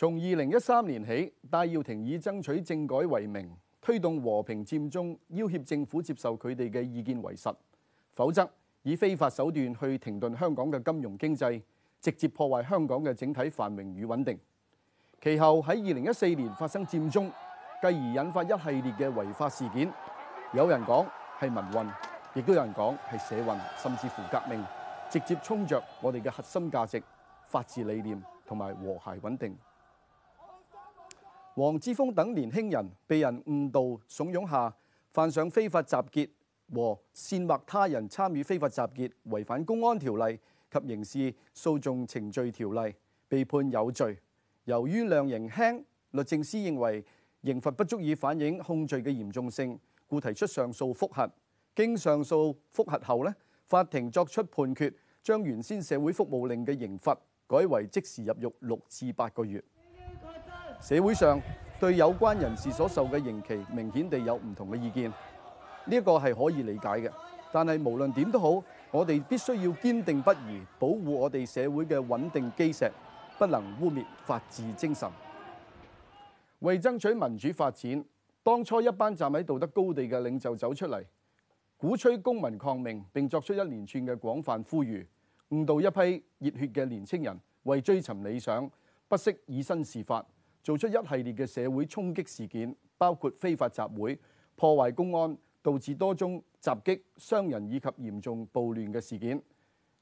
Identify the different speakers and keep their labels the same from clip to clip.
Speaker 1: 從二零一三年起，戴耀廷以爭取政改為名，推動和平佔中，要挾政府接受佢哋嘅意見為實，否則以非法手段去停頓香港嘅金融經濟，直接破壞香港嘅整體繁榮與穩定。其後喺二零一四年發生佔中，繼而引發一系列嘅違法事件。有人講係民運，亦都有人講係社運，甚至乎革命，直接衝着我哋嘅核心價值、法治理念同埋和諧穩定。黃之鋒等年輕人被人誤導慫恿下，犯上非法集結和煽惑他人參與非法集結，違反公安條例及刑事訴訟程序條例，被判有罪。由於量刑輕，律政司認為刑罰不足以反映控罪嘅嚴重性，故提出上訴覆核。經上訴覆核後呢，法庭作出判決，將原先社會服務令嘅刑罰改為即時入獄六至八個月。社會上對有關人士所受嘅刑期明顯地有唔同嘅意見，呢個係可以理解嘅。但係無論點都好，我哋必須要堅定不移保護我哋社會嘅穩定基石，不能污蔑法治精神。為爭取民主發展，當初一班站喺道德高地嘅領袖走出嚟，鼓吹公民抗命，並作出一連串嘅廣泛呼籲，誤導一批熱血嘅年輕人，為追尋理想不惜以身試法。做出一系列嘅社會衝擊事件，包括非法集會、破壞公安、導致多宗襲擊傷人以及嚴重暴亂嘅事件。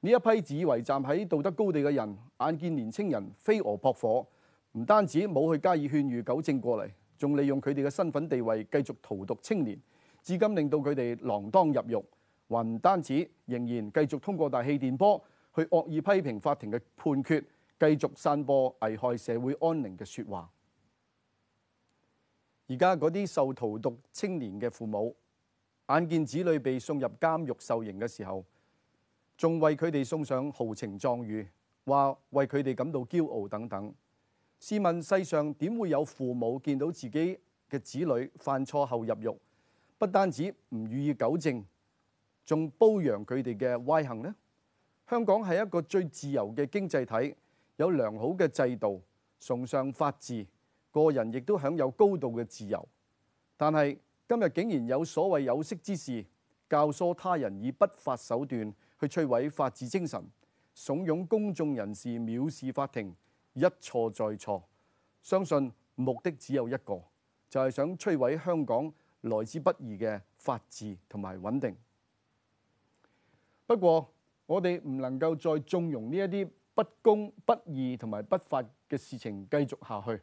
Speaker 1: 呢一批自以為站喺道德高地嘅人，眼見年青人飛蛾撲火，唔單止冇去加以勸喻糾正過嚟，仲利用佢哋嘅身份地位繼續荼毒青年，至今令到佢哋鋃鐺入獄，還唔單止仍然繼續通過大氣電波去惡意批評法庭嘅判決。繼續散播危害社會安寧嘅說話。而家嗰啲受荼毒青年嘅父母，眼見子女被送入監獄受刑嘅時候，仲為佢哋送上豪情壯語，話為佢哋感到驕傲等等。試問世上點會有父母見到自己嘅子女犯錯後入獄，不單止唔予以糾正，仲褒揚佢哋嘅歪行呢？香港係一個最自由嘅經濟體。有良好嘅制度，崇尚法治，個人亦都享有高度嘅自由。但係今日竟然有所謂有識之士教唆他人以不法手段去摧毀法治精神，慫恿公眾人士藐視法庭，一錯再錯。相信目的只有一個，就係想摧毀香港來之不易嘅法治同埋穩定。不過我哋唔能夠再縱容呢一啲不公不義同埋不法嘅事情繼續下去，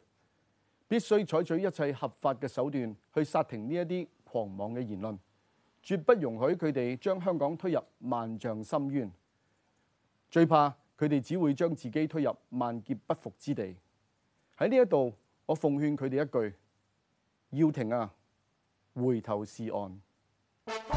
Speaker 1: 必須採取一切合法嘅手段去剎停呢一啲狂妄嘅言論，絕不容許佢哋將香港推入萬丈深淵。最怕佢哋只會將自己推入萬劫不復之地。喺呢一度，我奉勸佢哋一句：要停啊，回頭是岸。